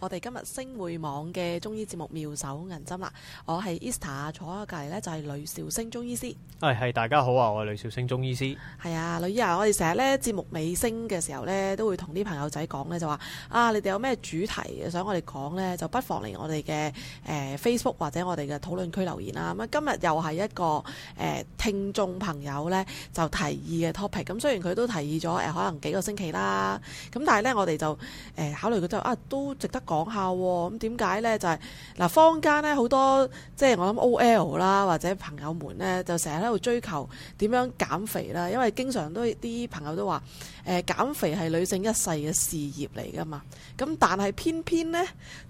我哋今日星匯網嘅中醫節目妙手銀針啦，我係 Easter 坐喺隔籬呢就係呂少星中醫師。係、哎、係大家好啊，我係呂少星中醫師。係啊、哎，呂醫啊，我哋成日呢節目尾聲嘅時候呢，都會同啲朋友仔講呢，就話啊，你哋有咩主題想我哋講呢？」就不妨嚟我哋嘅誒 Facebook 或者我哋嘅討論區留言啦、啊。咁今日又係一個誒、欸、聽眾朋友呢就提議嘅 topic，咁、嗯、雖然佢都提議咗誒可能幾個星期啦，咁但係呢，我哋就誒、欸、考慮佢就啊都。都值得講下喎，咁點解呢？就係嗱，坊間咧好多即係我諗 OL 啦，或者朋友們呢，就成日喺度追求點樣減肥啦，因為經常都啲朋友都話誒減肥係女性一世嘅事業嚟噶嘛，咁但係偏偏呢，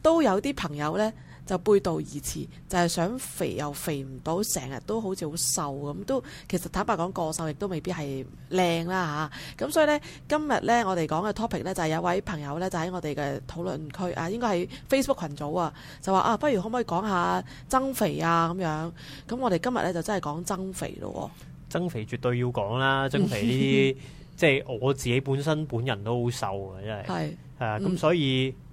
都有啲朋友呢。就背道而馳，就係、是、想肥又肥唔到，成日都好似好瘦咁，都其實坦白講過瘦，亦都未必係靚啦吓，咁、啊、所以呢，今日呢，我哋講嘅 topic 呢，就係有一位朋友呢，就喺我哋嘅討論區啊，應該係 Facebook 群組啊，就話啊，不如可唔可以講下增肥啊咁樣。咁我哋今日呢，就真係講增肥咯。增肥絕對要講啦，增肥呢啲即係我自己本身本人都好瘦是啊，真係係咁所以。嗯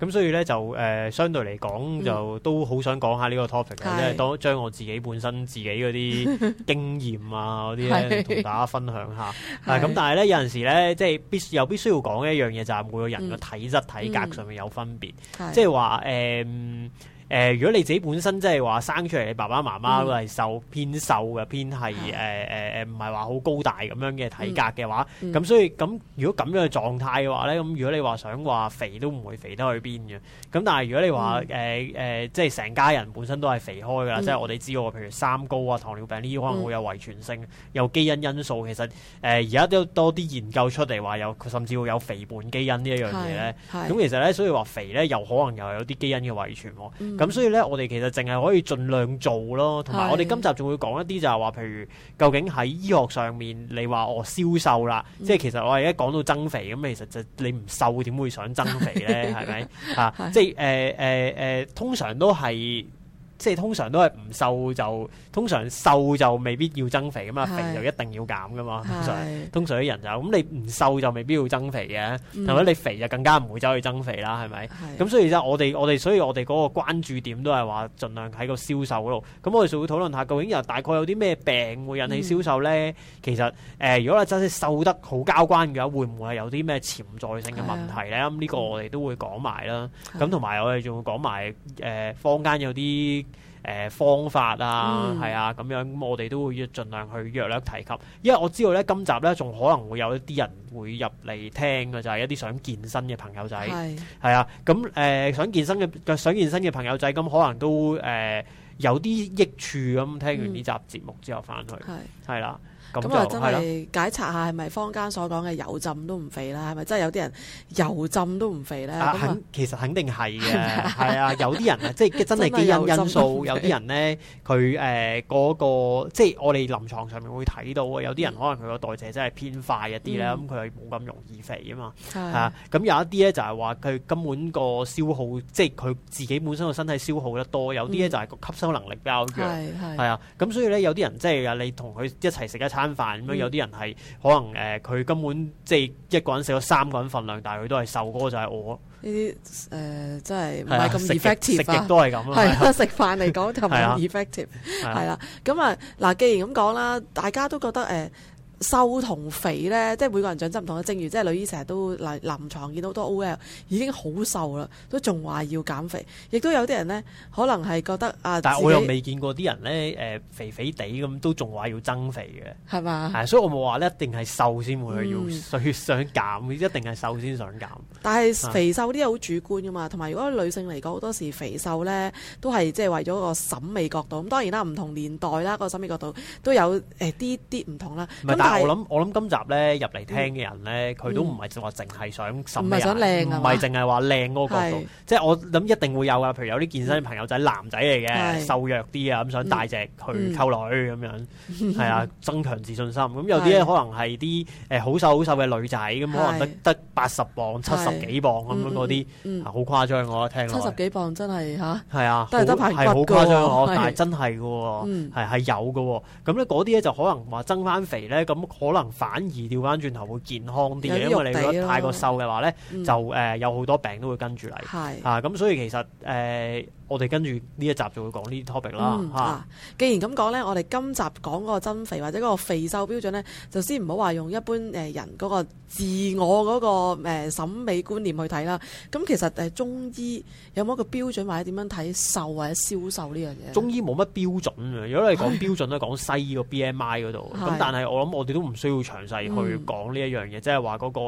咁所以咧就誒、呃、相對嚟講就都好想講下呢個 topic 嘅，嗯、即係當將我自己本身自己嗰啲經驗啊嗰啲咧同大家分享下。是啊咁，但係咧有陣時咧即係必又必,必須要講一樣嘢就係每個人個體質、嗯、體格上面有分別，嗯嗯、即係話誒。是誒，如果你自己本身即係話生出嚟，你爸爸媽媽都係瘦偏瘦嘅，偏係誒誒誒，唔係話好高大咁樣嘅體格嘅話，咁所以咁如果咁樣嘅狀態嘅話咧，咁如果你話想話肥都唔會肥得去邊嘅，咁但係如果你話誒誒，即係成家人本身都係肥開㗎啦，即係我哋知喎，譬如三高啊、糖尿病呢啲可能會有遺傳性，有基因因素。其實誒而家都多啲研究出嚟話有，甚至會有肥胖基因呢一樣嘢咧。係。咁其實咧，所以話肥咧，又可能又有啲基因嘅遺傳喎。咁、嗯、所以咧，我哋其實淨係可以盡量做咯，同埋我哋今集仲會講一啲就係話，譬如究竟喺醫學上面，你話我消瘦啦，嗯、即係其實我而家講到增肥，咁其實就你唔瘦點會想增肥咧？係咪 啊？ 即係誒誒誒，通常都係。即係通常都係唔瘦就通常瘦就未必要增肥噶嘛，肥就一定要減噶嘛。通常是通常啲人就咁、嗯，你唔瘦就未必要增肥嘅，係咪、嗯？你肥就更加唔會走去增肥啦，係咪？咁是所以即我哋我哋，所以我哋嗰個關注點都係話，儘量喺個消瘦嗰度。咁我哋就會討論下，究竟又大概有啲咩病會引起消瘦咧？嗯、其實誒、呃，如果係真係瘦得好交關嘅話，會唔會係有啲咩潛在性嘅問題咧？咁呢是、嗯、個我哋都會講埋啦。咁同埋我哋仲會講埋誒坊間有啲。誒、呃、方法啊，係、嗯、啊，咁樣、嗯、我哋都會要盡量去約略提及，因為我知道咧今集咧仲可能會有一啲人會入嚟聽嘅，就係、是、一啲想健身嘅朋友仔，係是 啊，咁、嗯、誒想健身嘅想健身嘅朋友仔，咁、嗯、可能都誒、呃、有啲益處，咁聽完呢集節目之後翻去係係啦。嗯咁就真係，解察下係咪坊間所講嘅油浸都唔肥啦？係咪真係有啲人油浸都唔肥咧？啊、肯其實肯定係嘅，係啊，有啲人啊，即係真係基因因素，有啲人咧佢誒嗰個即係我哋臨床上面會睇到嘅，有啲人可能佢個代謝真係偏快一啲咧，咁佢係冇咁容易肥啊嘛。係、嗯、啊，咁有一啲咧就係話，佢根本個消耗，即係佢自己本身個身體消耗得多，有啲咧就係個吸收能力比較弱，係啊、嗯。咁、嗯、所以咧有啲人即係你同佢一齊食一餐。餐飯咁樣，嗯、有啲人係可能誒，佢、呃、根本即係一個人食咗三個人份量，但係佢都係瘦哥，嗰個、就係我呢啲誒，真係唔係咁 effective 食、啊、食極都係咁咯，係，食飯嚟講就唔 effective，係啦。咁啊嗱、啊啊啊，既然咁講啦，大家都覺得誒。呃瘦同肥咧，即係每個人準則唔同正。正如即係女醫成日都臨床見到好多 O L 已經好瘦啦，都仲話要減肥。亦都有啲人咧，可能係覺得啊，但係我又未見過啲人咧，誒、呃、肥肥地咁都仲話要增肥嘅，係嘛嗎？係、啊，所以我冇話咧，一定係瘦先會要想、嗯、想減，一定係瘦先想減。但係肥瘦啲嘢好主觀㗎嘛，同埋如果女性嚟講，好多時肥瘦咧都係即係為咗個審美角度。咁當然啦，唔同年代啦，個審美角度都有誒啲啲唔同啦。但 我諗我諗今集咧入嚟聽嘅人咧，佢都唔係話淨係想審美，唔係想靚啊，唔係淨係話靚嗰個角度。即係我諗一定會有嘅，譬如有啲健身朋友仔男仔嚟嘅，瘦弱啲啊咁，想大隻去溝女咁樣，係啊，增強自信心。咁有啲可能係啲誒好瘦好瘦嘅女仔，咁可能得得八十磅、七十幾磅咁樣嗰啲，好誇張我聽，七十幾磅真係嚇，係啊，都好係好誇張哦，但係真係嘅，係係有嘅。咁咧嗰啲咧就可能話增翻肥咧咁。可能反而掉翻轉頭會健康啲，因為你如果太過瘦嘅話咧，嗯、就誒、呃、有好多病都會跟住嚟。係啊，咁所以其實誒。呃我哋跟住呢一集就會講呢 topic 啦、嗯啊、既然咁講咧，我哋今集講嗰個增肥或者嗰個肥瘦標準咧，就先唔好話用一般誒人嗰個自我嗰個誒審美觀念去睇啦。咁其實誒中醫有冇一個標準或者點樣睇瘦或者消瘦呢樣嘢？中醫冇乜標準嘅。如果你講標準咧，講唉 西醫個 BMI 嗰度。咁唉 但係我諗我哋都唔需要詳細去講呢一樣嘢，即係話嗰個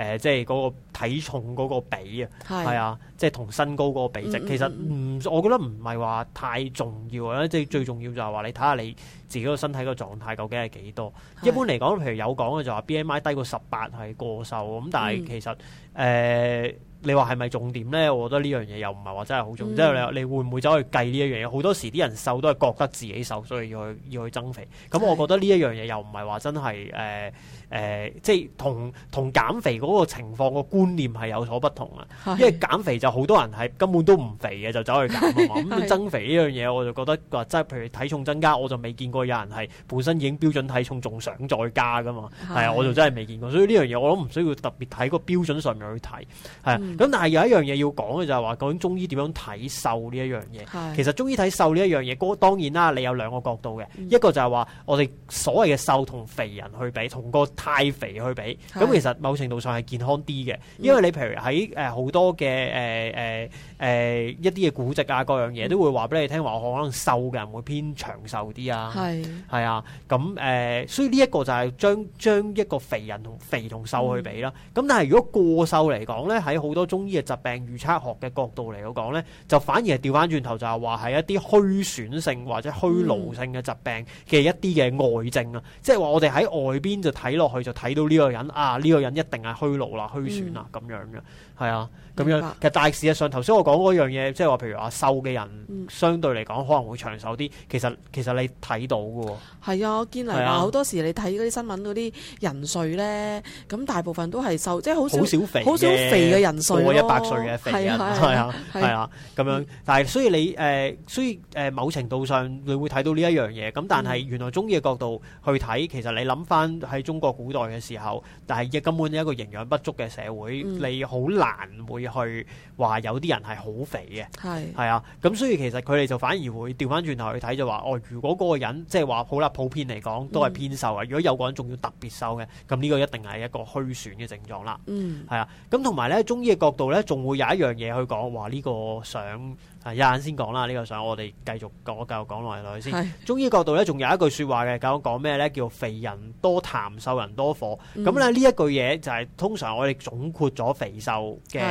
誒即係嗰個體重嗰個比啊，係啊、嗯的。即係同身高嗰個比值，其實唔，我覺得唔係話太重要啊！即係最重要就係話你睇下你自己個身體個狀態究竟係幾多？是的 一般嚟講，譬如有講嘅就話 BMI 低過十八係過瘦咁，但係其實誒。嗯呃你話係咪重點咧？我覺得呢樣嘢又唔係話真係好重要，嗯、即係你你會唔會走去計呢一樣嘢？好多時啲人瘦都係覺得自己瘦，所以要去要去增肥。咁我覺得呢一樣嘢又唔係話真係誒誒，即、呃、係、呃就是、同同減肥嗰個情況個觀念係有所不同啊。嗯、因為減肥就好多人係根本都唔肥嘅，就走去減啊嘛。咁、嗯嗯、增肥呢樣嘢，我就覺得話即係譬如體重增加，我就未見過有人係本身已經標準體重，仲想再加噶嘛。係啊、嗯，我就真係未見過。所以呢樣嘢我都唔需要特別喺個標準上面去睇，係。咁、嗯、但係有一樣嘢，要講嘅就係話究竟中醫點樣睇瘦呢一樣嘢？是其實中醫睇瘦呢一樣嘢，嗰當然啦，你有兩個角度嘅，嗯、一個就係話我哋所謂嘅瘦同肥人去比，同個太肥去比。咁是、嗯、其實某程度上係健康啲嘅，因為你譬如喺誒好多嘅誒誒誒一啲嘅古籍啊，各樣嘢都會話俾你聽話，嗯嗯、我可能瘦嘅人會偏長壽啲啊。係啊是，咁誒是、嗯嗯嗯嗯、所以呢一個就係將將一個肥人同肥同瘦去比啦。咁、嗯、但係如果過瘦嚟講咧，喺好多中醫嘅疾病預測學嘅角度嚟講咧，就反而係調翻轉頭，就係話係一啲虛損性或者虛勞性嘅疾病嘅一啲嘅外症、嗯、外啊，即係話我哋喺外邊就睇落去就睇到呢個人啊，呢個人一定係虛勞啦、虛損啦咁、嗯、樣嘅，係啊，咁樣白其實但係事實上，頭先我講嗰樣嘢，即係話譬如話瘦嘅人，相對嚟講可能會長壽啲。其實其實你睇到嘅喎，係、嗯、啊，我見嚟啊，好多時你睇嗰啲新聞嗰啲人瑞咧，咁大部分都係瘦，即係好少好少肥嘅人。過一百歲嘅肥人，係啊，係啊，咁樣。但係所以你誒，所以誒，某程度上你會睇到呢一樣嘢。咁但係原來中醫嘅角度去睇，其實你諗翻喺中國古代嘅時候，但係亦根本一個營養不足嘅社會，你好難會去話有啲人係好肥嘅。係係啊，咁所以其實佢哋就反而會調翻轉頭去睇，就話哦，如果嗰個人即係話，好啦，普遍嚟講都係偏瘦啊。如果有個人仲要特別瘦嘅，咁呢個一定係一個虛損嘅症狀啦。嗯，係啊。咁同埋咧，中醫。角度咧，仲會有一樣嘢，去講話，呢個想。啊，一眼先講啦，呢、這個想我哋繼續我繼續講落嚟，係咪先？是中醫角度咧，仲有一句說話嘅，究竟講咩咧？叫肥人多痰，瘦人多火。咁咧、嗯、呢一句嘢就係、是、通常我哋總括咗肥瘦嘅誒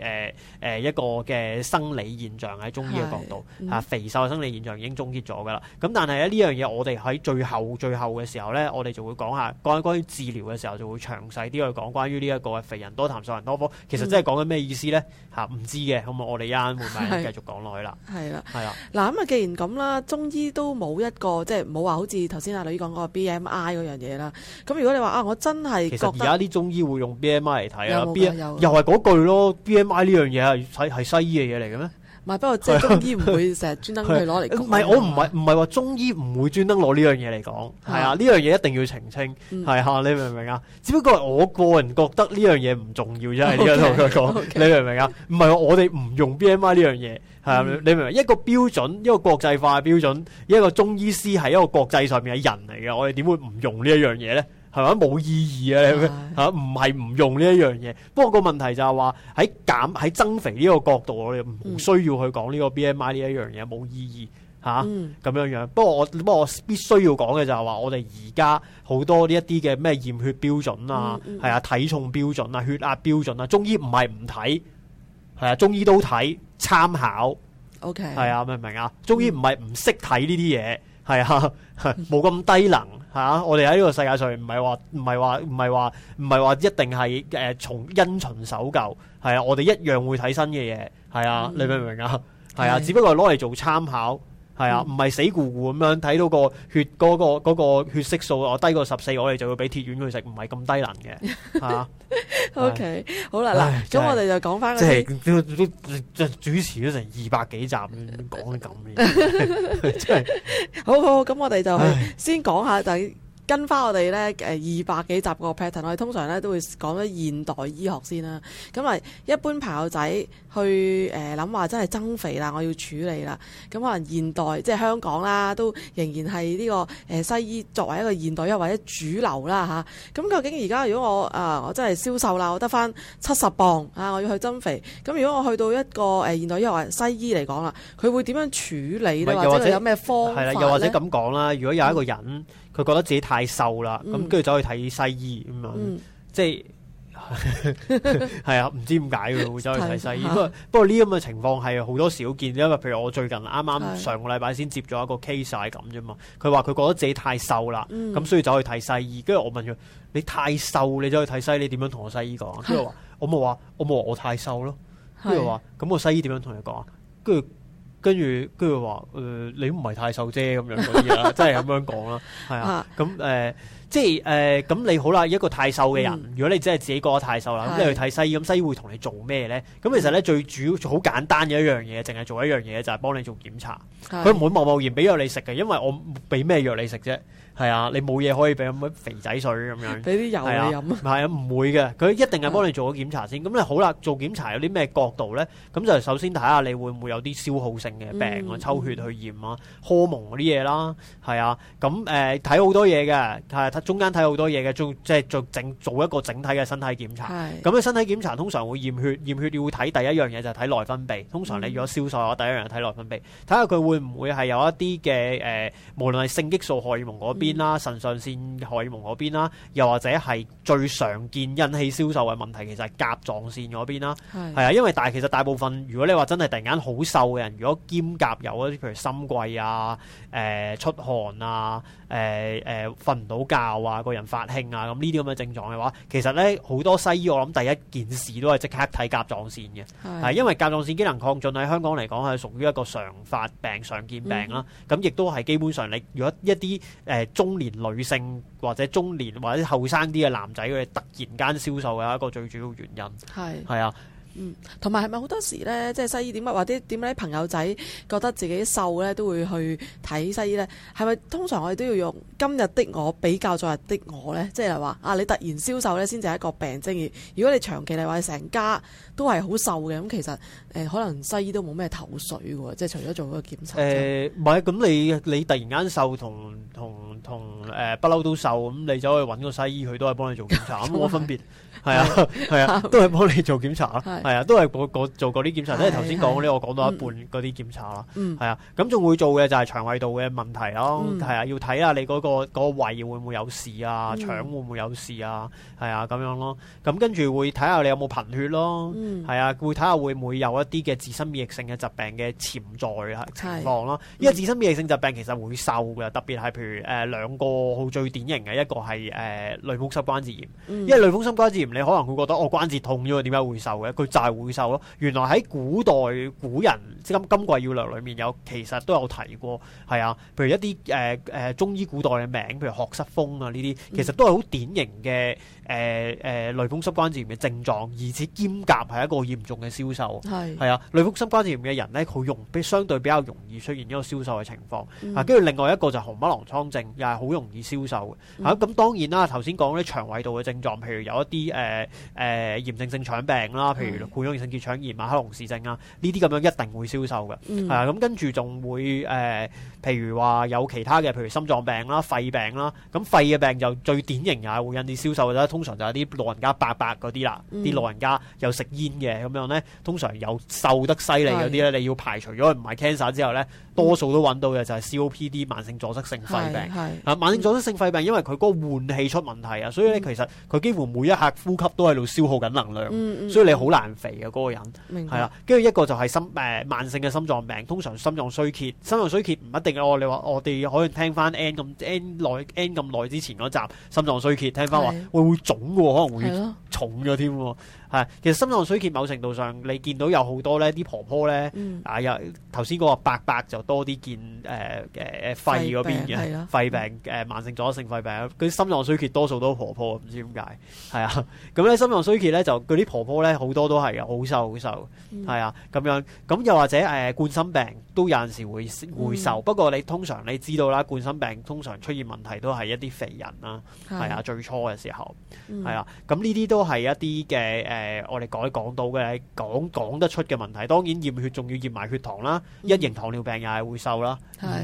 誒誒一個嘅生理現象喺中醫嘅角度。係是、啊、肥瘦嘅生理現象已經終結咗噶啦。咁、啊、但係咧呢樣嘢，我哋喺最後最後嘅時候咧，我哋就會講下講關於治療嘅時候，就會詳細啲去講關於呢一個嘅肥人多痰，瘦人，人多火。其實真係講緊咩意思咧？吓、啊、唔知嘅，好、嗯嗯嗯啊、我哋一眼會唔會繼續講？嗯嗯啊講耐啦，係啦，係啦。嗱咁啊，既然咁啦，中醫都冇一個即係冇話好似頭先阿女醫講嗰個 B M I 嗰樣嘢啦。咁如果你話啊，我真係覺得而家啲中醫會用 B M I 嚟睇啊？又又係嗰句咯。B M I 呢樣嘢係係西醫嘅嘢嚟嘅咩？唔係，不過即係中醫唔會成日專登去攞嚟講。唔係我唔係唔係話中醫唔會專登攞呢樣嘢嚟講，係啊呢樣嘢一定要澄清，係吓你明唔明啊？只不過我個人覺得呢樣嘢唔重要啫，喺呢度同佢講，你明唔明啊？唔係我哋唔用 B M I 呢樣嘢。係咪？嗯、你明唔明一個標準，一個國際化嘅標準，一個中醫師係一個國際上面嘅人嚟嘅，我哋點會唔用一呢一樣嘢咧？係咪？冇意義啊！吓，唔係唔用呢一樣嘢。不過個問題就係話喺減喺增肥呢個角度，我哋唔需要去講呢個 B M I 呢一樣嘢，冇意義吓咁樣樣。不過我不過我必須要講嘅就係話，我哋而家好多呢一啲嘅咩驗血標準啊，係、嗯嗯、啊體重標準啊，血壓標準啊，中醫唔係唔睇。係啊，中醫都睇參考，OK，係啊，明唔明啊？中醫唔係唔識睇呢啲嘢，係啊，冇咁低能，係 啊，我哋喺呢個世界上唔係話唔係話唔係話唔係話一定係誒從因循守舊，係啊，我哋一樣會睇新嘅嘢，係啊，嗯、你明唔明啊？係啊，只不過攞嚟做參考。係啊，唔係死咕咕咁樣睇到個血嗰、嗰個、嗰個血色素哦低過十四，我哋就要俾鐵丸佢食，唔係咁低能嘅，係、啊、 OK，唉好啦，嗱唉，咁我哋就講翻，即係都都主持咗成二百幾集，講啲咁嘅嘢，即係好好，咁我哋就先講下第。唉跟翻我哋呢誒二百幾集個 pattern，我哋通常呢都會講咗現代醫學先啦。咁啊，一般朋友仔去誒諗話真係增肥啦，我要處理啦。咁可能現代即係香港啦，都仍然係呢個誒西醫作為一個現代醫學或者主流啦吓，咁究竟而家如果我啊，我真係消瘦啦，我得翻七十磅啊，我要去增肥。咁如果我去到一個誒現代醫學或西醫嚟講啦，佢會點樣處理呢？或者有咩科？又或者咁講啦，如果有一個人。嗯佢覺得自己太瘦啦，咁跟住走去睇西醫咁樣，即係係啊，唔知點解佢會走去睇西醫。不過不過呢咁嘅情況係好多少見，因為譬如我最近啱啱是上個禮拜先接咗一個 case 咁啫嘛。佢話佢覺得自己太瘦啦，咁所以走去睇西醫。跟住我問佢：你太瘦，你走去睇西醫點樣同我西醫講？跟住話：我冇話，我冇話我太瘦咯。跟住話：咁我西醫點樣同你講？跟住……跟住跟住話，誒、呃、你唔係太瘦啫，咁樣嗰啲啦，即係咁樣講啦，係、呃、啊，咁誒即係誒咁你好啦，一個太瘦嘅人，嗯、如果你真係自己覺得太瘦啦，咁、嗯、你去睇西醫，咁西醫會同你做咩咧？咁其實咧最主要好簡單嘅一樣嘢，淨係做一樣嘢就係、是、幫你做檢查，佢唔、嗯、會貿貿然俾藥你食嘅，因為我俾咩藥你食啫。係啊，你冇嘢可以俾，咁啲肥仔水咁樣，俾啲油你飲。係啊，唔會嘅，佢一定係幫你做個檢查先。咁你的好啦，做檢查有啲咩角度咧？咁就首先睇下你會唔會有啲消耗性嘅病啊，嗯、抽血去驗啊，荷、嗯、蒙嗰啲嘢啦，係啊。咁誒睇好多嘢嘅，睇中間睇好多嘢嘅，即係做整做一個整體嘅身體檢查。咁嘅的身體檢查通常會驗血，驗血你會睇第一樣嘢就係、是、睇內分泌。通常你如果消瘦，第一樣係睇內分泌，睇下佢會唔會係有一啲嘅誒，無論係性激素荷爾蒙嗰邊。邊啦，腎上腺荷爾蒙嗰邊啦，又或者係最常見引起消瘦嘅問題，其實係甲狀腺嗰邊啦。係的，啊，因為但係其實大部分，如果你話真係突然間好瘦嘅人，如果兼夾有嗰啲，譬如心悸啊、誒、呃、出汗啊、誒誒瞓唔到覺啊、個人發興啊，咁呢啲咁嘅症狀嘅話，其實咧好多西醫，我諗第一件事都係即刻睇甲狀腺嘅。係的，因為甲狀腺機能亢進喺香港嚟講係屬於一個常發病、常見病啦。咁亦都係基本上你如果一啲誒。嗯中年女性或者中年或者後生啲嘅男仔，佢哋突然間消瘦嘅一個最主要原因係係啊。是嗯，同埋係咪好多時咧，即係西醫點解或者點解啲朋友仔覺得自己瘦咧，都會去睇西醫咧？係咪通常我哋都要用今日的我比較昨日的我咧？即係話啊，你突然消瘦咧，先至係一個病徵；如果你長期嚟，話，你成家都係好瘦嘅，咁其實誒，可能西醫都冇咩頭緒嘅，即係除咗做嗰個檢查。誒，唔係，咁你你突然間瘦同同同誒不嬲都瘦，咁你走去揾個西醫，佢都係幫你做檢查，咁我分別？係啊，係啊，都係幫你做檢查咯。係啊，都係做過嗰啲檢查，即係頭先講呢，我講到一半嗰啲檢查啦。嗯，係啊，咁仲會做嘅就係腸胃道嘅問題咯。嗯，係啊，要睇下你嗰個胃會唔會有事啊，嗯、腸會唔會有事啊？係啊，咁樣咯。咁跟住會睇下你有冇貧血咯。嗯，係啊，會睇下會唔會有一啲嘅自身免疫性嘅疾病嘅潛在情況咯。嗯、因為自身免疫性疾病其實會瘦嘅，特別係譬如誒、呃、兩個好最典型嘅一個係誒類風濕關節炎。因為類風濕關節炎，節炎你可能會覺得我、哦哦、關節痛咗，點解會瘦嘅？佢。大會瘦咯，原來喺古代古人《金、金匱要略》裏面有，其實都有提過，係啊，譬如一啲誒誒中醫古代嘅名，譬如鶴膝風啊呢啲，其實都係好典型嘅誒誒類風濕關節炎嘅症狀，而且兼夾係一個嚴重嘅消瘦。係、哎、啊，類風濕關節炎嘅人咧，佢容易相對比較容易出現一個消瘦嘅情況，跟住另外一個就紅斑狼瘡症，又係好容易消瘦。吓，咁當然啦，頭先講啲腸胃道嘅症狀，譬如有一啲誒誒炎症性腸病啦，譬如。冠狀性結腸炎啊、馬克龍氏症啊，呢啲咁樣一定會消瘦嘅，係、嗯、啊。咁跟住仲會誒、呃，譬如話有其他嘅，譬如心臟病啦、肺病啦。咁肺嘅病就最典型啊，會引致消瘦嘅咧。通常就係啲老人家白白嗰啲啦，啲、嗯、老人家又食煙嘅咁樣咧，通常又瘦得犀利嗰啲咧。是你要排除咗佢唔係 cancer 之後咧，嗯、多數都揾到嘅就係 COPD 慢性阻塞性肺病。嗯、慢性阻塞性肺病因為佢嗰個換氣出問題啊，所以咧其實佢幾乎每一刻呼吸都喺度消耗緊能量，所以你好難，肥嘅嗰個人，係啦白，跟住一個就係心誒、呃、慢性嘅心臟病，通常心臟衰竭，心臟衰竭唔一定哦。你話我哋可以聽翻 N 咁 N 耐 N 咁耐之前嗰集心臟衰竭，聽翻話會的會腫嘅，可能會重咗添。的係，其實心臟衰竭某程度上，你見到有好多咧，啲婆婆咧，啊，又頭先嗰個伯伯就多啲見誒誒肺嗰邊嘅肺病，誒慢性阻塞性肺病，佢心臟衰竭多數都婆婆，唔知點解係啊。咁咧心臟衰竭咧就佢啲婆婆咧好多都係好瘦好瘦，係啊咁樣。咁又或者誒冠心病都有陣時會會瘦，不過你通常你知道啦，冠心病通常出現問題都係一啲肥人啦，係啊最初嘅時候係啊。咁呢啲都係一啲嘅誒。誒，我哋改講到嘅，講講得出嘅問題，當然驗血仲要驗埋血糖啦。一型糖尿病又係會瘦啦，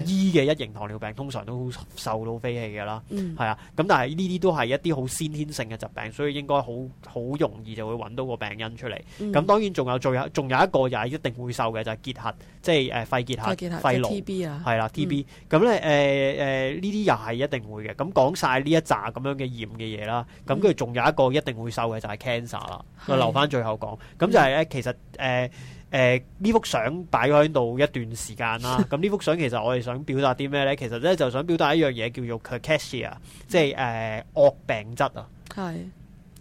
醫嘅一型糖尿病通常都瘦到飛起噶啦，係啊。咁但係呢啲都係一啲好先天性嘅疾病，所以應該好好容易就會揾到個病因出嚟。咁當然仲有仲有仲有一個又係一定會瘦嘅就係結核，即係誒肺結核、肺癆。T B 啊，係啦 T B。咁咧誒誒呢啲又係一定會嘅。咁講晒呢一扎咁樣嘅驗嘅嘢啦。咁跟住仲有一個一定會瘦嘅就係 cancer 啦。留翻最後講，咁就係、是、咧，其實誒誒呢幅相擺喺度一段時間啦。咁呢幅相其實我哋想表達啲咩咧？ 其實咧就想表達一樣嘢，叫做 cachexia，即係誒、呃、惡病質啊。係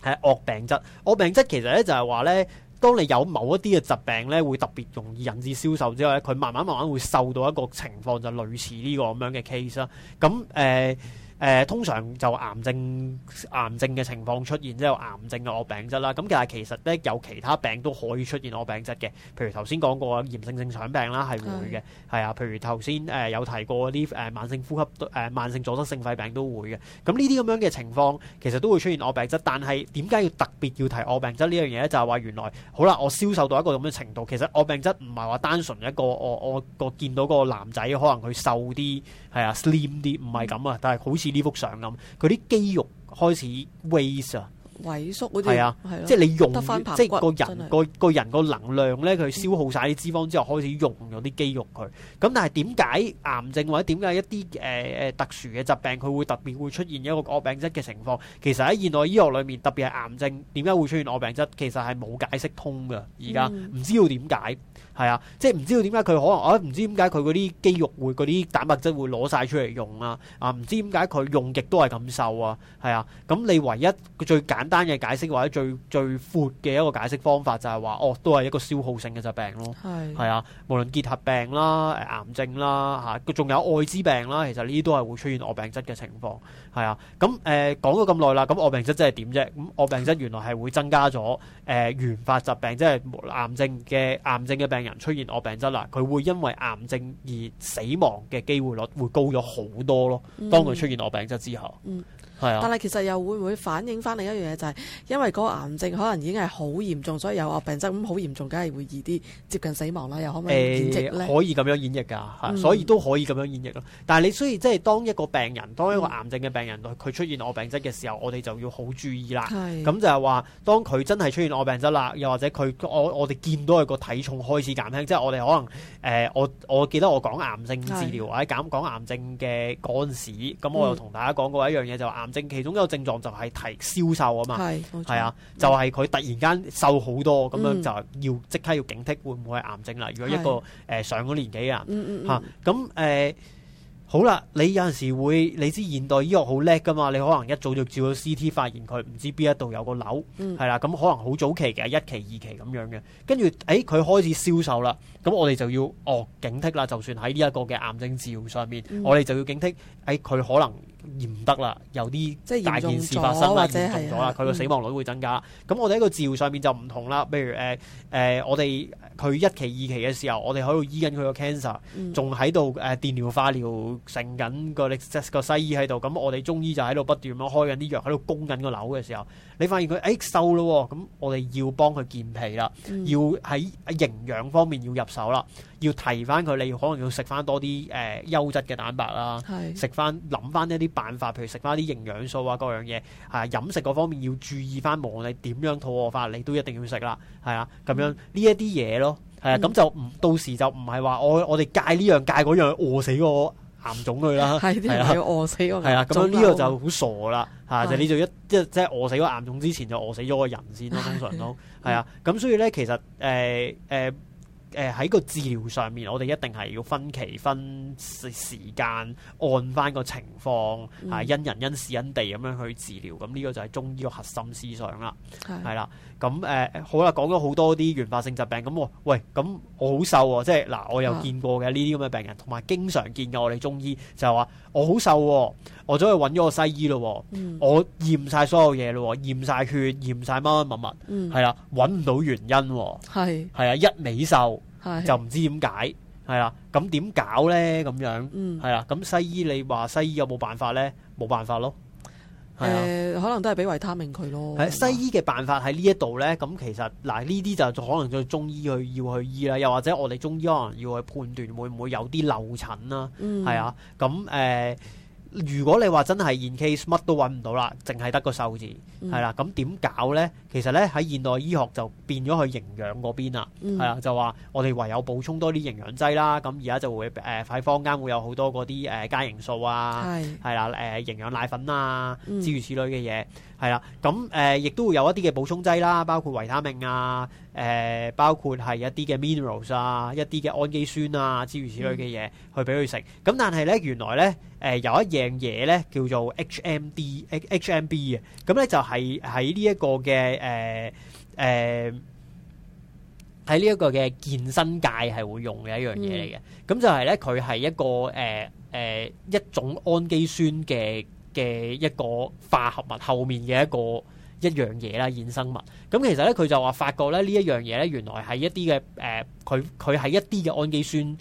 係的惡病質，惡病質其實咧就係話咧，當你有某一啲嘅疾病咧，會特別容易引致消瘦之後咧，佢慢慢慢慢會受到一個情況，就類似呢個咁樣嘅 case 啦。咁誒。呃嗯誒、呃、通常就癌症癌症嘅情況出現即係，癌症嘅惡病質啦。咁其實其實咧有其他病都可以出現惡病質嘅，譬如頭先講過啊，炎性性腸病啦係會嘅，係、嗯、啊。譬如頭先誒有提過啲誒、呃、慢性呼吸誒、呃、慢性阻塞性肺病都會嘅。咁呢啲咁樣嘅情況其實都會出現惡病質，但係點解要特別要提惡病質呢樣嘢咧？就係、是、話原來好啦，我消瘦到一個咁嘅程度，其實惡病質唔係話單純一個我我個見到個男仔可能佢瘦啲係啊 slim 啲，唔係咁啊，但係好似～呢幅相咁，佢啲肌肉開始 waste 啊，萎縮嗰啲係啊，即係你用溶，即係個人個個人個能量咧，佢消耗晒啲脂肪之後、嗯、開始用咗啲肌肉佢。咁但係點解癌症或者點解一啲誒誒特殊嘅疾病佢會特別會出現一個惡病質嘅情況？其實喺現代醫學裏面，特別係癌症，點解會出現惡病質？其實係冇解釋通噶，而家唔知道點解。係啊，即係唔知道點解佢可能，我、啊、唔知點解佢嗰啲肌肉會嗰啲蛋白質會攞晒出嚟用啊，啊唔知點解佢用極都係咁瘦啊，係啊，咁你唯一最簡單嘅解釋或者最最闊嘅一個解釋方法就係話，哦、啊，都係一個消耗性嘅疾病咯，係是，係啊，無論結核病啦、癌症啦，吓、啊，佢仲有艾滋病啦，其實呢啲都係會出現惡病質嘅情況。係啊，咁誒講咗咁耐啦，咁、呃、惡病質即係點啫？咁惡病質原來係會增加咗誒、呃、原發疾病，即係癌症嘅癌症嘅病人出現惡病質啦，佢會因為癌症而死亡嘅機會率會高咗好多咯。當佢出現惡病質之後，嗯嗯但係其實又會唔會反映翻另一樣嘢，就係因為個癌症可能已經係好嚴重，所以有惡病質咁好嚴重，梗係會易啲接近死亡啦，又可唔、呃、可以可以咁樣演繹噶、嗯？所以都可以咁樣演繹咯。但係你雖然即係當一個病人，當一個癌症嘅病人，佢、嗯、出現惡病質嘅時候，我哋就要好注意啦。咁是就係話，當佢真係出現惡病質啦，又或者佢我我哋見到佢個體重開始減輕，即係我哋可能誒、呃、我我記得我講癌症治療或者減講癌症嘅嗰陣時，咁我又同大家講過一樣嘢、嗯，就是症其中一個症狀就係提消瘦啊嘛，係啊，就係、是、佢突然間瘦好多，咁、嗯、樣就要即刻要警惕，會唔會係癌症啦？如果一個誒是、呃、上咗年紀、嗯嗯、啊，人咁誒好啦，你有陣時會，你知現代醫學好叻噶嘛？你可能一早就照咗 CT 發現佢唔知邊一度有個瘤，係啦、嗯，咁、啊、可能好早期嘅一期、二期咁樣嘅，跟住誒佢開始消瘦啦，咁我哋就要哦警惕啦，就算喺呢一個嘅癌症治療上面，我哋就要警惕，誒佢、嗯欸、可能。而唔得啦，有啲大件事發生啦，嚴重咗啦，佢個了死亡率會增加。咁、嗯、我哋喺個治療上面就唔同啦，譬如誒誒、呃呃，我哋佢一期二期嘅時候，我哋喺度醫緊佢個 cancer，仲喺度誒電療化療成緊個個西醫喺度，咁我哋中醫就喺度不斷咁開緊啲藥喺度攻緊個瘤嘅時候。你發現佢哎瘦咯，咁我哋要幫佢健脾啦，嗯、要喺營養方面要入手啦，要提翻佢，你可能要食翻多啲誒、呃、優質嘅蛋白啦，食翻諗翻一啲辦法，譬如食翻啲營養素啊，各樣嘢，係、啊、飲食嗰方面要注意翻，無論你點樣肚餓法，你都一定要食啦，係啊，咁樣呢一啲嘢咯，係啊，咁就唔、嗯、到時就唔係話我我哋戒呢樣，戒嗰樣，餓死我。癌種類啦，係 的的要餓死嗰個係啊，咁呢個就好傻啦吓瘤，就你、是、就一即係餓死個癌種之前就餓死咗個人先咯，的通常都係啊，咁的的所以咧其實誒誒。呃呃誒，喺個、呃、治療上面，我哋一定係要分期分時間，按翻個情況，係、啊、因人因事因地咁樣去治療。咁呢個就係中醫個核心思想啦。係係啦，咁誒、呃，好啦，講咗好多啲原發性疾病。咁、嗯，喂，咁我好瘦，即係嗱，我有見過嘅呢啲咁嘅病人，同埋經常見嘅我哋中醫就話我好瘦，我走去搵咗個西醫咯，我驗晒所有嘢咯，驗晒血，驗晒乜乜物物，係啦、嗯，搵唔、嗯嗯嗯、到原因，係係啊，嗯、一味瘦。 就唔知點解，係啦，咁點搞呢？咁樣、嗯，係啦，咁西醫你話西醫有冇辦法呢？冇辦法咯，係啊、呃，可能都係俾維他命佢咯。係的西醫嘅辦法喺呢一度呢，咁其實嗱呢啲就可能就中醫去要去醫啦，又或者我哋中醫可能要去判斷會唔會有啲漏診啦，係啊、嗯，咁、嗯、誒。嗯如果你話真係 in case 乜都揾唔到啦，淨係得個瘦字，係啦、嗯，咁點搞咧？其實咧喺現代醫學就變咗去營養嗰邊啦，係啊、嗯，就話我哋唯有補充多啲營養劑啦。咁而家就會誒喺、呃、坊間會有好多嗰啲誒加營素啊，係啦是，誒、呃、營養奶粉啊，諸如此類嘅嘢。係啦，咁誒亦都會有一啲嘅補充劑啦，包括維他命啊，誒、呃、包括係一啲嘅 minerals 啊，一啲嘅氨基酸啊，之類之類嘅嘢，嗯、去俾佢食。咁但係咧，原來咧誒、呃、有一樣嘢咧叫做 HMD HMB 嘅，咁咧、啊、就係喺呢一個嘅誒誒喺呢一個嘅健身界係會用嘅一樣嘢嚟嘅。咁、嗯、就係咧，佢係一個誒誒、呃呃、一種氨基酸嘅。嘅一個化合物後面嘅一個一樣嘢啦，衍生物。咁、嗯、其實咧，佢就話發覺咧呢一樣嘢咧，原來係一啲嘅誒，佢佢係一啲嘅氨基酸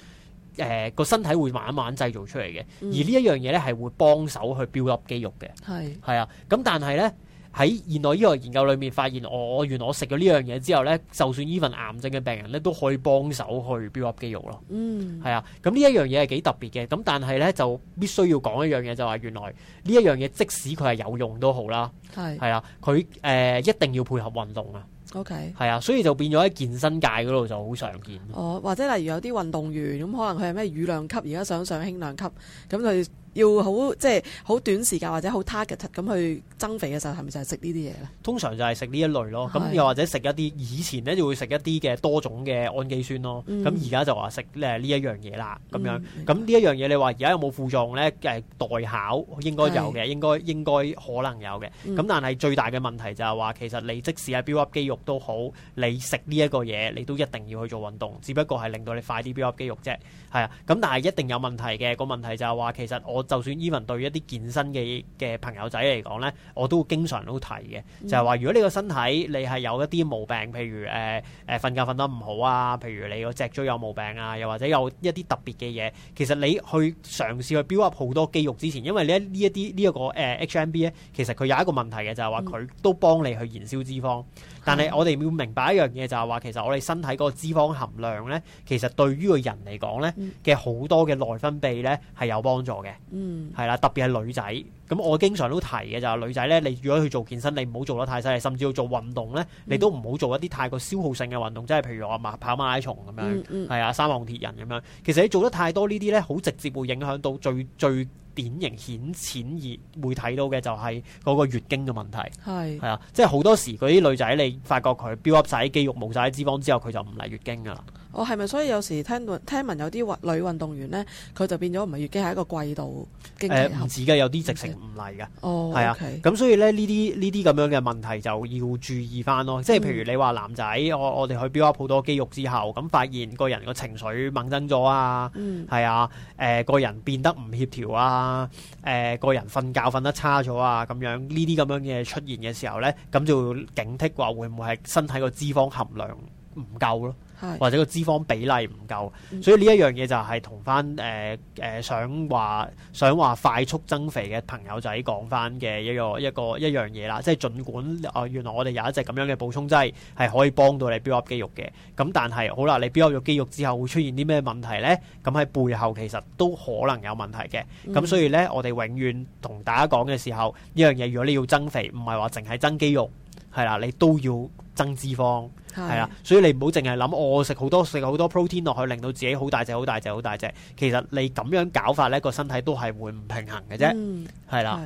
誒，個、呃、身體會慢慢製造出嚟嘅。嗯、而呢一樣嘢咧，係會幫手去 build up 肌肉嘅。係係是啊，咁、嗯、但係咧。喺現代呢個研究裏面發現我，我原來我食咗呢樣嘢之後咧，就算依份癌症嘅病人咧，都可以幫手去 build up 肌肉咯。嗯，係啊，咁呢一樣嘢係幾特別嘅。咁但係咧，就必須要講一樣嘢，就話原來呢一樣嘢，即使佢係有用都好啦。係係啦，佢誒、呃、一定要配合運動啊。OK，係啊，所以就變咗喺健身界嗰度就好常見。哦，或者例如有啲運動員咁，可能佢係咩羽量級，而家想上輕量級咁就。要好即係好短時間或者好 target 咁去增肥嘅時候，係咪就係食呢啲嘢咧？通常就係食呢一類咯，咁是又或者食一啲以前咧，就會食一啲嘅多種嘅氨基酸咯。咁而家就話食誒呢一樣嘢啦，咁樣。咁、嗯、呢一樣嘢你話而家有冇副作用咧？誒代考應該有嘅，是應該應該可能有嘅。咁、嗯、但係最大嘅問題就係話，其實你即使係 build up 肌肉都好，你食呢一個嘢，你都一定要去做運動，只不過係令到你快啲 build up 肌肉啫。係啊，咁但係一定有問題嘅。個問題就係話，其實我。就算 even 對一啲健身嘅嘅朋友仔嚟講咧，我都經常都提嘅，就係話，如果你個身體你係有一啲毛病，譬如誒誒瞓覺瞓得唔好啊，譬如你個脊椎有毛病啊，又或者有一啲特別嘅嘢，其實你去嘗試去 build up 好多肌肉之前，因為、這個、呢一啲呢一個誒 HMB 咧，其實佢有一個問題嘅，就係話佢都幫你去燃燒脂肪。但係我哋要明白一樣嘢，就係話其實我哋身體嗰個脂肪含量咧，其實對於個人嚟講咧嘅好多嘅內分泌咧係有幫助嘅，嗯、係啦，特別係女仔。咁、嗯、我經常都提嘅就係、是、女仔咧，你如果去做健身，你唔好做得太犀利，甚至要做運動咧，你都唔好做一啲太過消耗性嘅運動，即係譬如話跑馬拉松咁樣，係、嗯嗯、啊，三項鐵人咁樣。其實你做得太多呢啲咧，好直接會影響到最最典型顯淺而會睇到嘅就係嗰個月經嘅問題。係係是啊，即係好多時嗰啲女仔你發覺佢標 up 晒啲肌肉，冇晒啲脂肪之後，佢就唔嚟月經噶啦。我係咪所以有時聽到聽聞有啲女運動員咧，佢就變咗唔係月經係一個季度經？誒唔、呃、止嘅，有啲直情唔嚟㗎。啊、哦，係、okay. 啊、嗯。咁、嗯、所以咧呢啲呢啲咁樣嘅問題就要注意翻咯。即係譬如你話男仔，我我哋去 build up 好多肌肉之後，咁發現個人個情緒猛增咗啊，係、嗯、啊，誒、呃、個人變得唔協調啊，誒、呃、個人瞓覺瞓得差咗啊，咁樣呢啲咁樣嘅出現嘅時候咧，咁就警惕話會唔會係身體個脂肪含量唔夠咯？或者個脂肪比例唔夠，所以呢一樣嘢就係同翻誒誒想話想話快速增肥嘅朋友仔講翻嘅一個一個一樣嘢啦。即係儘管啊，原來我哋有一隻咁樣嘅補充劑係可以幫到你 build up 肌肉嘅。咁但係好啦，你 build up 咗肌肉之後會出現啲咩問題呢？咁喺背後其實都可能有問題嘅。咁所以呢，我哋永遠同大家講嘅時候，呢樣嘢如果你要增肥，唔係話淨係增肌肉，係啦，你都要。增脂肪係啊，所以你唔好淨係諗我食好多食好多 protein 落去，令到自己好大隻好大隻好大隻。其實你咁樣搞法呢，個身體都係會唔平衡嘅啫。嗯，係啦，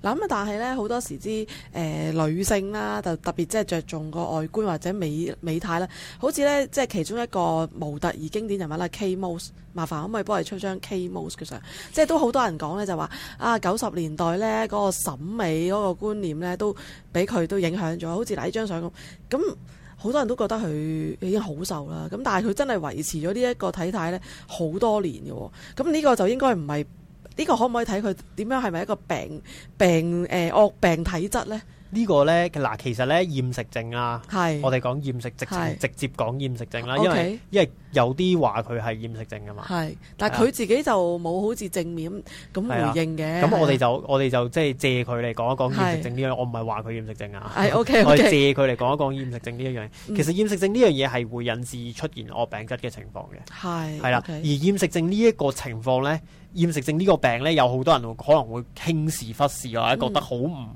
嗱啊，但係呢，好多時啲誒、呃、女性啦，就特別即係着重個外觀或者美美態啦。好似呢，即係其中一個模特兒經典人物啦，Kate Moss 麻煩可唔可以幫你出張 K-mos 嘅相？即係都好多人講呢，就話啊九十年代呢嗰、嗰個審美嗰個觀念呢，都俾佢都影響咗。好似嗱呢張相咁，咁好多人都覺得佢已經好瘦啦。咁但係佢真係維持咗呢一個體態呢好多年嘅喎。咁呢個就應該唔係呢個可唔可以睇佢點樣係咪一個病病誒、呃、惡病體質呢？呢個咧，嗱，其實咧厭食症啊，我哋講厭食症，直接講厭食症啦，因為因為有啲話佢係厭食症噶嘛，但係佢自己就冇好似正面咁回應嘅。咁我哋就我哋就即係借佢嚟講一講厭食症呢樣，我唔係話佢厭食症啊，我係借佢嚟講一講厭食症呢一樣。其實厭食症呢樣嘢係會引致出現惡病質嘅情況嘅，係啦。而厭食症呢一個情況咧，厭食症呢個病咧，有好多人可能會輕視忽視或者覺得好唔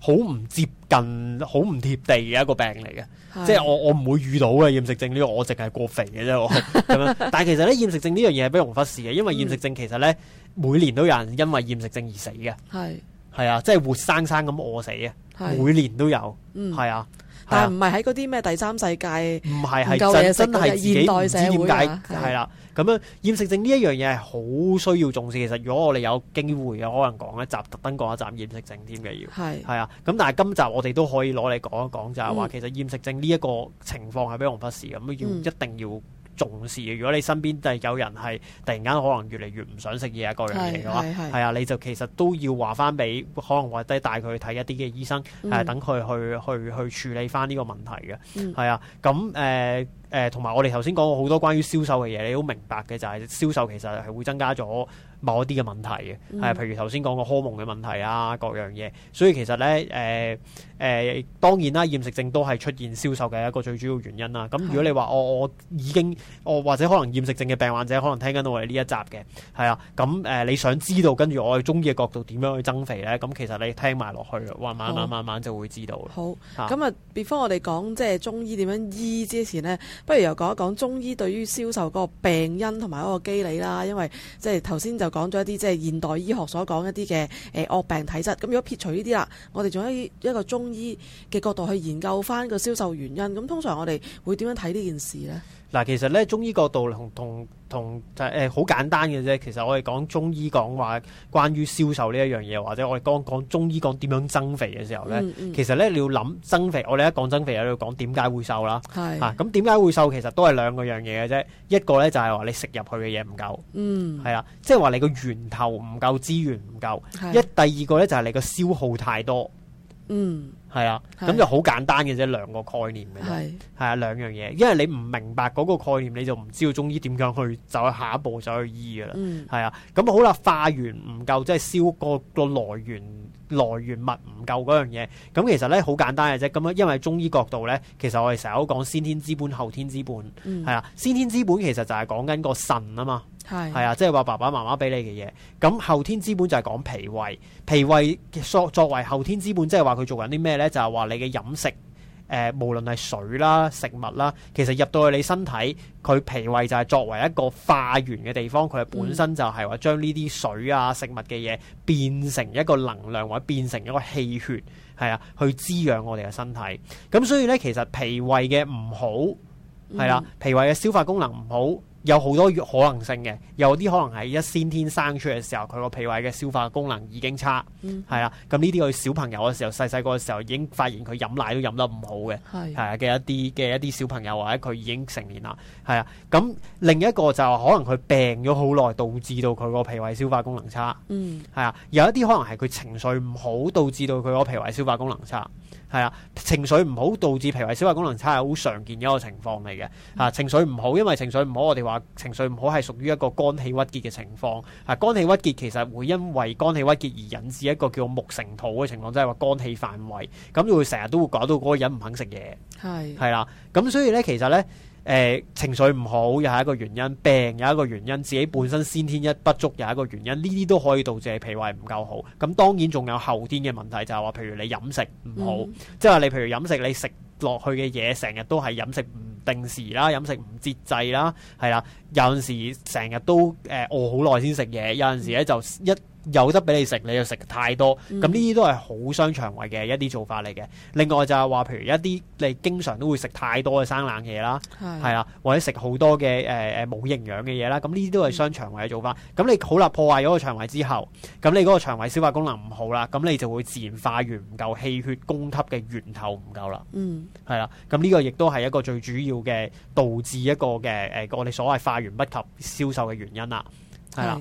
好唔接近，好唔貼地嘅一個病嚟嘅。是即係我我唔會遇到嘅厭食症呢個，我淨係過肥嘅啫，咁 樣。但係其實咧，厭食症呢樣嘢係不容忽視嘅，因為厭食症其實咧每年都有人因為厭食症而死嘅，係係是啊，即係活生生咁餓死嘅，是每年都有，係是、嗯、啊。但唔係喺嗰啲咩第三世界是，唔係係真係自己唔知點解，係啦，咁樣厭食症呢一樣嘢係好需要重視。的其實如果我哋有機會嘅，可能講一集特登講一集厭食症添嘅，要係係啊。咁的但係今集我哋都可以攞嚟講一講就，就係話其實厭食症呢一個情況係不容忽視咁，要、嗯、一定要。重視嘅，如果你身邊就係有人係突然間可能越嚟越唔想食嘢個樣嚟嘅話，係啊，你就其實都要話翻俾可能話低帶佢去睇一啲嘅醫生，係等佢去去去處理翻呢個問題嘅，係、嗯、啊，咁誒誒，同、呃、埋、呃、我哋頭先講過好多關於消瘦嘅嘢，你都明白嘅就係、是、消瘦其實係會增加咗，某一啲嘅問題嘅，係譬如頭先講個荷蒙嘅問題啊，各樣嘢，所以其實咧，誒、呃、誒、呃，當然啦，厭食症都係出現消瘦嘅一個最主要原因啦。咁如果你話我我已經我或者可能厭食症嘅病患者可能聽緊到我哋呢一集嘅，係啊，咁誒、呃、你想知道跟住我哋中醫嘅角度點樣去增肥咧？咁其實你聽埋落去，慢慢慢、哦、慢慢就會知道。好，咁啊是，別方我哋講即係中醫點樣醫之前呢，不如又講一講中醫對於消瘦嗰個病因同埋嗰個機理啦，因為即係頭先就。講咗一啲即係現代醫學所講一啲嘅誒惡病體質，咁如果撇除呢啲啦，我哋仲喺一個中醫嘅角度去研究翻個消瘦原因，咁通常我哋會點樣睇呢件事呢？嗱，其實咧，中醫角度同同同就係誒好簡單嘅啫。其實我哋講中醫講話關於消瘦呢一樣嘢，或者我哋講講中醫講點樣增肥嘅時候咧，嗯嗯、其實咧你要諗增肥。我哋一講增肥，又要講點解會瘦啦。係是，咁點解會瘦其實都係兩個樣嘢嘅啫。一個咧就係、是、話你食入去嘅嘢唔夠，嗯，係啊，即係話你個源頭唔夠資源唔夠。一是第二個咧就係你個消耗太多，嗯。嗯。係啊，咁就好簡單嘅啫，兩個概念嘅啫，係啊的兩樣嘢，因為你唔明白嗰個概念，你就唔知道中醫點樣去走去下一步走去醫噶啦，係啊、嗯，咁好啦，化源唔夠即係燒個個來源來源物唔夠嗰樣嘢，咁其實咧好簡單嘅啫，咁啊因為中醫角度咧，其實我哋成日都講先天之本後天之本，係啊、嗯、先天之本其實就係講緊個腎啊嘛。係，啊，即係話爸爸媽媽俾你嘅嘢。咁後天資本就係講脾胃，脾胃作作為後天資本，即係話佢做緊啲咩呢？就係、是、話你嘅飲食，誒、呃，無論係水啦、食物啦，其實入到去你身體，佢脾胃就係作為一個化源嘅地方，佢本身就係話將呢啲水啊、食物嘅嘢變成一個能量或者變成一個氣血，係啊，去滋養我哋嘅身體。咁所以呢，其實脾胃嘅唔好，係啦，脾胃嘅消化功能唔好。有好多可能性嘅，有啲可能係一先天生出嚟嘅時候，佢個脾胃嘅消化功能已經差，係啊、嗯，咁呢啲佢小朋友嘅時候，細細個嘅時候已經發現佢飲奶都飲得唔好嘅，係嘅是一啲嘅一啲小朋友或者佢已經成年啦，係啊，咁另一個就可能佢病咗好耐，導致到佢個脾胃消化功能差，嗯，係啊，有一啲可能係佢情緒唔好，導致到佢個脾胃消化功能差。係啊，情緒唔好導致脾胃消化功能差係好常見嘅一個情況嚟嘅。嚇，情緒唔好，因為情緒唔好，我哋話情緒唔好係屬於一個肝氣鬱結嘅情況。嚇、啊，肝氣鬱結其實會因為肝氣鬱結而引致一個叫木乘土嘅情況，即係話肝氣犯胃，咁會成日都會搞到嗰個人唔肯食嘢。係的，係啦，咁所以咧，其實咧。誒、呃、情緒唔好又係一個原因，病有一個原因，自己本身先天一不足又係一個原因，呢啲都可以導致你脾胃唔夠好。咁當然仲有後天嘅問題就，就係話譬如你飲食唔好，即係話你譬如飲食你食落去嘅嘢，成日都係飲食唔定時啦，飲食唔節制啦，係啦，有陣時成日都誒、呃、餓好耐先食嘢，有陣時咧就一。嗯有得俾你食，你就食太多，咁呢啲都係好傷腸胃嘅一啲做法嚟嘅。另外就係話，譬如一啲你經常都會食太多嘅生冷嘢啦，係啦的，或者食好多嘅誒誒冇營養嘅嘢啦，咁呢啲都係傷腸胃嘅做法。咁你好啦，破壞咗個腸胃之後，咁你嗰個腸胃消化功能唔好啦，咁你就會自然化完，唔夠，氣血供給嘅源頭唔夠啦。嗯的，係啦，咁呢個亦都係一個最主要嘅導致一個嘅誒，我、呃、哋所謂化完不及消瘦嘅原因啦，係啦。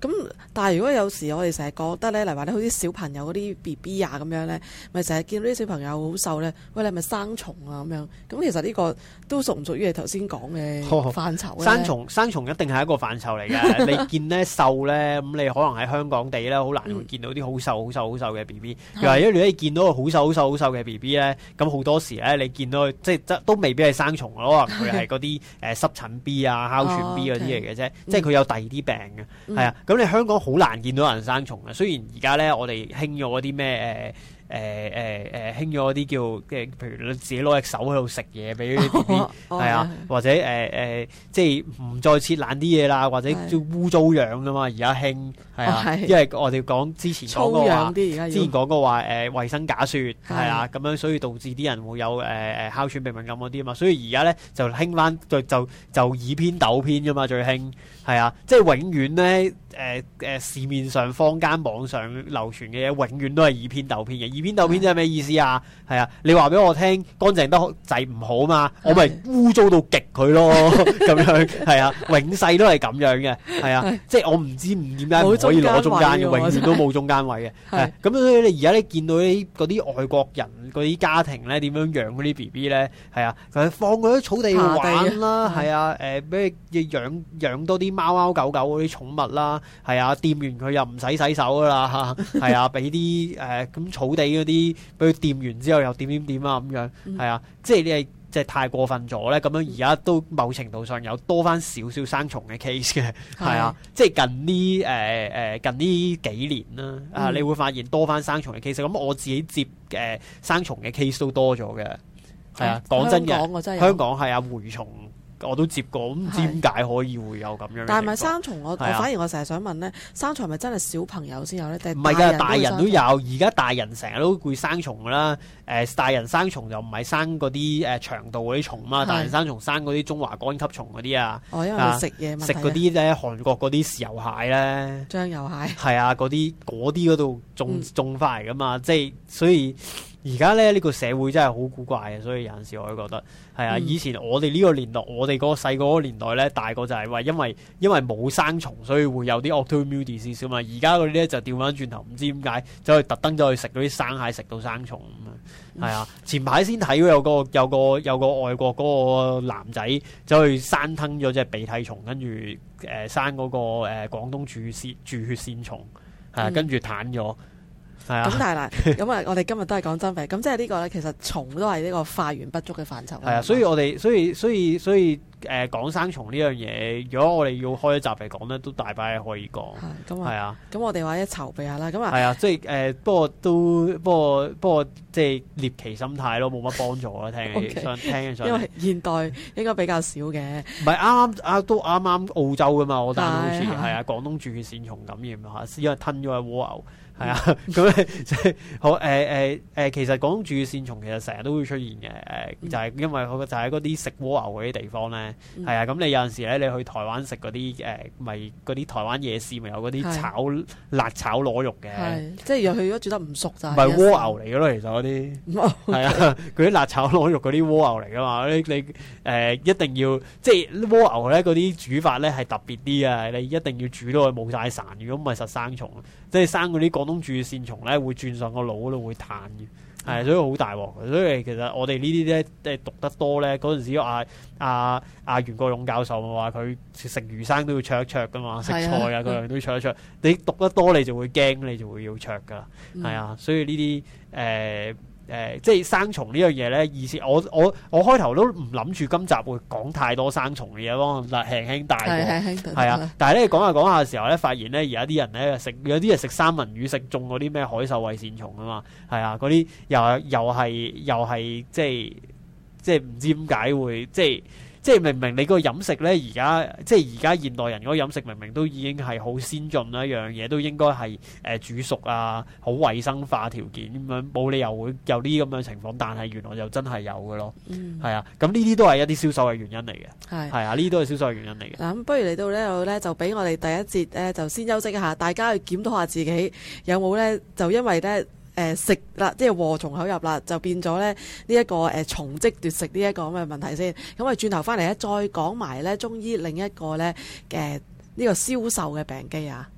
咁但係如果有時我哋成日覺得咧，例如話你，好似小朋友嗰啲 B B 啊咁樣咧，咪成日見到啲小朋友好瘦咧，喂，你係咪生蟲啊咁樣？咁其實呢個都屬唔屬於你頭先講嘅範疇、哦、生蟲生蟲一定係一個範疇嚟嘅。 你見呢瘦咧，咁你可能喺香港地咧好難會見到啲好瘦好瘦好瘦嘅 B B。嗯、如果你見到個好瘦好瘦好瘦嘅 B B 咧，咁好多時咧你見到即係都未必係生蟲咯。可能佢係嗰啲誒濕疹 B 啊哮喘 B 嗰啲嚟嘅啫，哦 okay. 嗯、即係佢有第二啲病嘅。係啊、嗯，嗯咁你香港好難見到人生蟲嘅，雖然而家咧我哋興咗啲咩誒誒誒誒，興咗啲叫嘅，譬如你自己攞隻手喺度食嘢俾啲 B 係啊、哦或呃，或者誒誒，即係唔再切爛啲嘢啦，或者叫污糟樣噶嘛，而家興係啊，哦、因為我哋講之前講過話，之前講過話誒衛、呃、生假說係啊，咁、啊、樣所以導致啲人會有誒誒哮喘鼻敏感嗰啲啊嘛，所以而家咧就興翻就就就以偏鬥偏噶嘛，最興。最係啊，即係永遠咧，誒、呃、誒，市面上、坊間、網上流傳嘅嘢，永遠都係以偏鬥偏嘅。以偏鬥偏即係咩意思啊？係對 啊，你話俾我聽，乾淨得仔唔好嘛，我咪污糟到極佢咯，咁是的 樣係啊，永世都係咁樣嘅，係啊，是的 即係我唔知唔點解唔可以攞中間嘅，永遠都冇中間位嘅。咁、嗯、所以你而家你見到啲嗰啲外國人嗰啲家庭咧，點樣養嗰啲 B B 咧？係啊，放佢喺草地玩啦，係啊，誒，俾佢養養多啲。貓貓狗狗嗰啲寵物啦，係啊，掂完佢又唔使洗手噶啦，係啊，俾啲誒咁草地嗰啲，俾佢掂完之後又掂掂掂啊咁樣，係啊，即係你係即係太過分咗咧，咁樣而家都某程度上有多翻少少生蟲嘅 case 嘅，係啊，啊即係近呢誒誒近呢幾年啦啊，嗯、你會發現多翻生蟲嘅 case，咁我自己接誒、呃、生蟲嘅 case 都多咗嘅，係啊，講、嗯、真嘅，香港係啊蛔蟲。我都接過，唔知點解可以會有咁樣？但係咪生蟲我？是的 我反而我成日想問咧，生蟲係咪真係小朋友先有咧？定唔係啊？大人都有，而家大人成日都會生蟲噶啦。誒、呃，大人生蟲就唔係生嗰啲誒腸道嗰啲蟲嘛，大人生蟲生嗰啲中華肝吸蟲嗰啲啊。哦，因為食嘢、啊。嘛，食嗰啲咧，韓國嗰啲豉油蟹咧。醬油蟹。係啊油，嗰啲嗰啲度種種翻嚟噶嘛，嗯、即係所以。而家咧呢個社會真係好古怪嘅，所以有陣時我都覺得係啊。嗯、以前我哋呢個年代，我哋嗰個細個年代咧，大個就係話，因為因為冇生蟲，所以會有啲 autoimmune disease 嘛。而家嗰啲咧就掉翻轉頭，唔知點解走去特登走去食嗰啲生蟹，食到生蟲咁啊。係啊、嗯，前排先睇有個有個有個,有個外國嗰個男仔走去生吞咗隻鼻涕蟲，跟住誒、呃、生嗰、那個誒、呃、廣東住血住血線蟲，啊、跟住癱咗。嗯係啊，咁但係啦，咁啊，我哋今日都係講真病，咁即係呢個咧，其實蟲都係呢個化源不足嘅範疇。係啊，所以我哋，所以，所以，所以，誒，講生蟲呢樣嘢，如果我哋要開一集嚟講咧，都大把嘢可以講。咁係啊，咁我哋話一籌備下啦。咁啊、嗯，係是啊，即係誒，不過都，不過，不過，即係獵奇心態咯，冇乜幫助啊， 聽，想聽，想。因為現代應該比較少嘅。唔係啱啱啊，都啱啱澳洲噶嘛，我覺得好似係啊，廣東住血線蟲感染吓，因為吞咗個蝸牛。係啊，咁咧即係好誒誒誒， 其實講住線蟲其實成日都會出現嘅誒，就係因為佢就係嗰啲食蝸牛嗰啲地方咧，係啊，咁、啊、你有陣時咧，你去台灣食嗰啲誒，咪嗰啲台灣夜市咪有嗰啲炒辣炒螺肉嘅是，的即係又如果煮得唔熟就係蝸牛嚟嘅咯，其實嗰啲係啊，嗰啲辣炒螺肉嗰啲蝸牛嚟嘅嘛，你，你你、呃、一定要即係蝸牛咧嗰啲煮法咧係特別啲啊，你一定要煮到佢冇晒神，如果唔係實生蟲。即係生嗰啲廣東住線蟲咧，會轉上個腦度會彈嘅，係，所以好大鑊。所以其實我哋呢啲咧，即係讀得多咧，嗰陣時阿阿阿袁國勇教授咪話佢食魚生都要灼一灼噶嘛，食的菜啊各樣都要灼一灼。的你讀得多，你就會驚，你就會要灼噶喇，係啊、嗯。所以呢啲誒。呃誒、呃，即係生蟲呢樣嘢咧，意思我我我開頭都唔諗住今集會講太多生蟲嘅嘢咯，輕輕帶，係係輕帶，係 啊。但係咧講下講下嘅時候咧，發現咧而家啲人咧食，有啲人食三文魚食中嗰啲咩海獸胃線蟲啊嘛，係啊，嗰啲又又係又係即係即係唔知點解會即係。即係明明你個飲食咧，而家即係而家現代人嗰個飲食，明明都已經係好先進啦，一樣嘢都應該係誒、呃、煮熟啊，好衞生化條件咁樣，冇理由會有呢啲咁樣情況。但係原來又真係有嘅咯，係、嗯、啊，咁呢啲都係一啲消瘦嘅原因嚟嘅，係、嗯、啊，呢啲都係消瘦嘅原因嚟嘅。嗱咁、嗯，不如嚟到呢度咧，就俾我哋第一節咧，就先休息一下，大家去檢討下自己有冇咧，就因為咧。誒食啦，即係禍從口入啦，就變咗咧呢一個誒從積奪食呢一個咁嘅問題先。咁我轉頭翻嚟咧，再講埋咧中醫另一個咧誒，呢個消瘦嘅病機啊。